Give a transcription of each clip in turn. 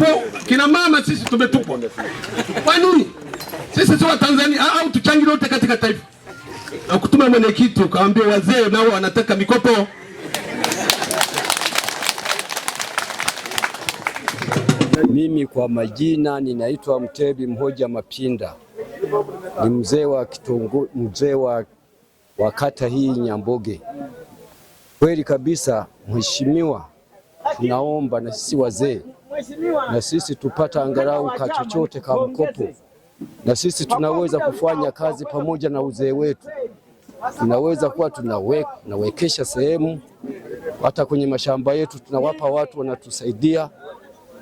tupo, kina mama sisi tumetupwa. Kwa nini? Sisi si Watanzania au tuchangi lote katika taifa? Na kutuma mwenyekiti ukaambia wazee nao wanataka mikopo. Mimi kwa majina ninaitwa Mtebi Mhoja Mapinda, ni mzee wa kitungu, mzee wa wa kata hii Nyamboge. Kweli kabisa, mheshimiwa, tunaomba na sisi wazee na sisi tupata angalau ka chochote ka mkopo, na sisi tunaweza kufanya kazi pamoja na uzee wetu, tunaweza kuwa tunawekesha sehemu, hata kwenye mashamba yetu tunawapa watu wanatusaidia,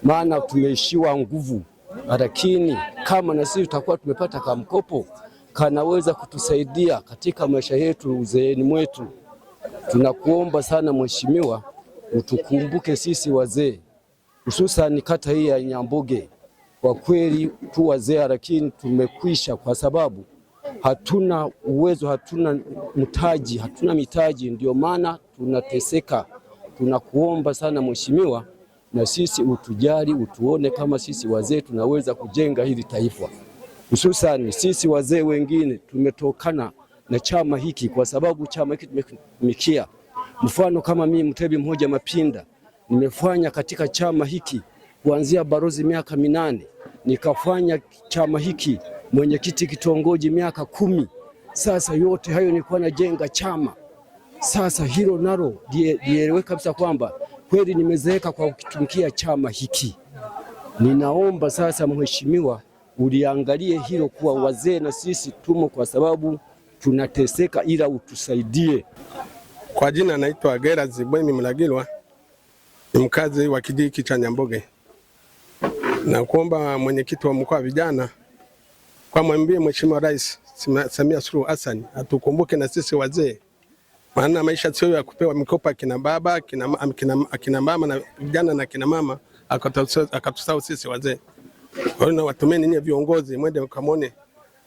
maana tumeishiwa nguvu. Lakini kama na sisi tutakuwa tumepata ka mkopo kanaweza kutusaidia katika maisha yetu uzeeni mwetu. Tunakuomba sana mheshimiwa, utukumbuke sisi wazee hususan kata hii ya Nyambuge. Kwa kweli tu wazee, lakini tumekwisha, kwa sababu hatuna uwezo, hatuna mtaji, hatuna mitaji, ndio maana tunateseka. Tunakuomba sana mheshimiwa, na sisi utujali, utuone kama sisi wazee tunaweza kujenga hili taifa, hususani sisi wazee wengine tumetokana na chama hiki, kwa sababu chama hiki tumekimikia. Mfano kama mimi Mtebi Mhoja Mapinda nimefanya katika chama hiki kuanzia barozi miaka minane, nikafanya chama hiki mwenyekiti kitongoji miaka kumi. Sasa yote hayo nilikuwa najenga chama. Sasa hilo nalo lieleweka kabisa kwamba kweli nimezeeka kwa kukitumikia chama hiki. Ninaomba sasa, mheshimiwa, uliangalie hilo kuwa wazee na sisi tumo, kwa sababu tunateseka, ila utusaidie. Kwa jina naitwa Gera zibweni Mlagilwa ni mkazi wa kijiji cha Nyamboge na kuomba mwenyekiti wa mkoa wa vijana mwambie Mheshimiwa Rais Samia Suluhu Hassan atukumbuke na sisi wazee, maana maisha sio ya kupewa mikopo akina baba akina mama na vijana na akina mama akatusahau sisi wazee. Kwa hiyo nawatumeni nyinyi viongozi, mwende mkamone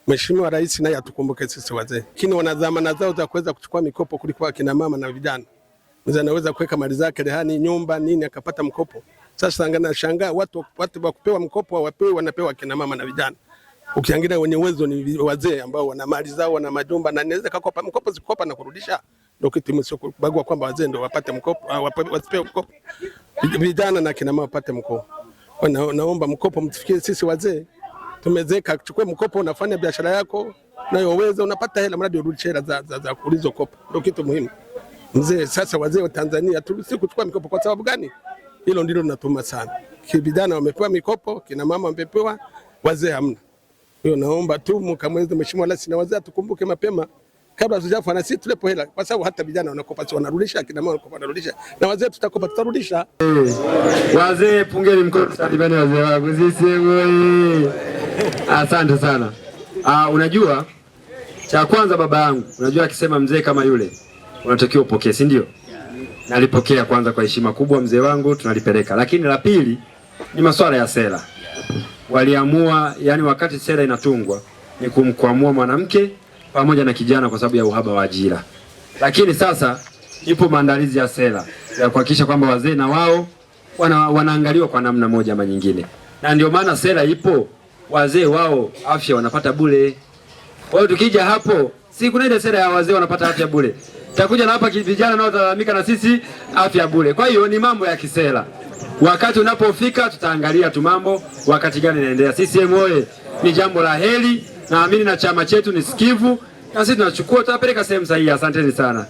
Mheshimiwa Rais naye atukumbuke sisi wazee, lakini wana dhamana zao za kuweza kuchukua mikopo kuliko akina mama na vijana mzee anaweza kuweka mali zake rehani, nyumba nini, akapata mkopo. Sasa shangaa watu watu wa kupewa mkopo hawapewi, wanapewa kina mama na vijana. Ukiangalia wenye uwezo ni wazee ambao wana mali zao, wana majumba na inaweza kukopa mkopo, zikopa na kurudisha, ndio kitu msio kubagua kwamba wazee ndio wapate mkopo, ah, wasipewe mkopo, vijana na kina mama wapate mkopo. Na, naomba mkopo mtufikie sisi wazee, tumezeka. chukue mkopo, unafanya biashara yako unayoweza, unapata hela, mradi urudishe hela za, za, za, za ulizokopa, ndio kitu muhimu mzee. Sasa wazee wa Tanzania tulisi kuchukua mikopo. Kwa sababu gani? Hilo ndilo linatuma sana. Kibidana wamepewa mikopo, kina mama wamepewa, wazee hamna. Hiyo naomba tu mkamweze mheshimiwa rais na wazee tukumbuke mapema kabla hatujafa na sisi tulepo hela, kwa sababu hata vijana wanakopa si wanarudisha, kina mama wanakopa wanarudisha, na wazee tutakopa tutarudisha. Wazee pungeni mkono, salimeni wazee wangu sisi. wewe. Asante sana. Ah, unajua cha kwanza baba yangu, unajua akisema mzee kama yule unatakiwa upokee, si ndio? Nalipokea kwanza kwa heshima kubwa, mzee wangu, tunalipeleka. Lakini la pili ni masuala ya sera. Waliamua yani, wakati sera inatungwa ni kumkwamua mwanamke pamoja na kijana kwa sababu ya uhaba wa ajira, lakini sasa ipo maandalizi ya sera ya kuhakikisha kwamba wazee na wao wana, wanaangaliwa kwa namna moja ama nyingine, na ndio maana sera ipo, wazee wao afya wanapata bure. Kwa hiyo tukija hapo, si kuna ile sera ya wazee wanapata afya bure, takuja na hapa vijana naotalalamika na sisi afya bure. Kwa hiyo ni mambo ya kisera, wakati unapofika tutaangalia tu mambo wakati gani inaendelea. CCM oye! Ni jambo la heri, naamini na chama chetu ni sikivu, na sisi tunachukua tutapeleka sehemu sahihi. Asanteni sana.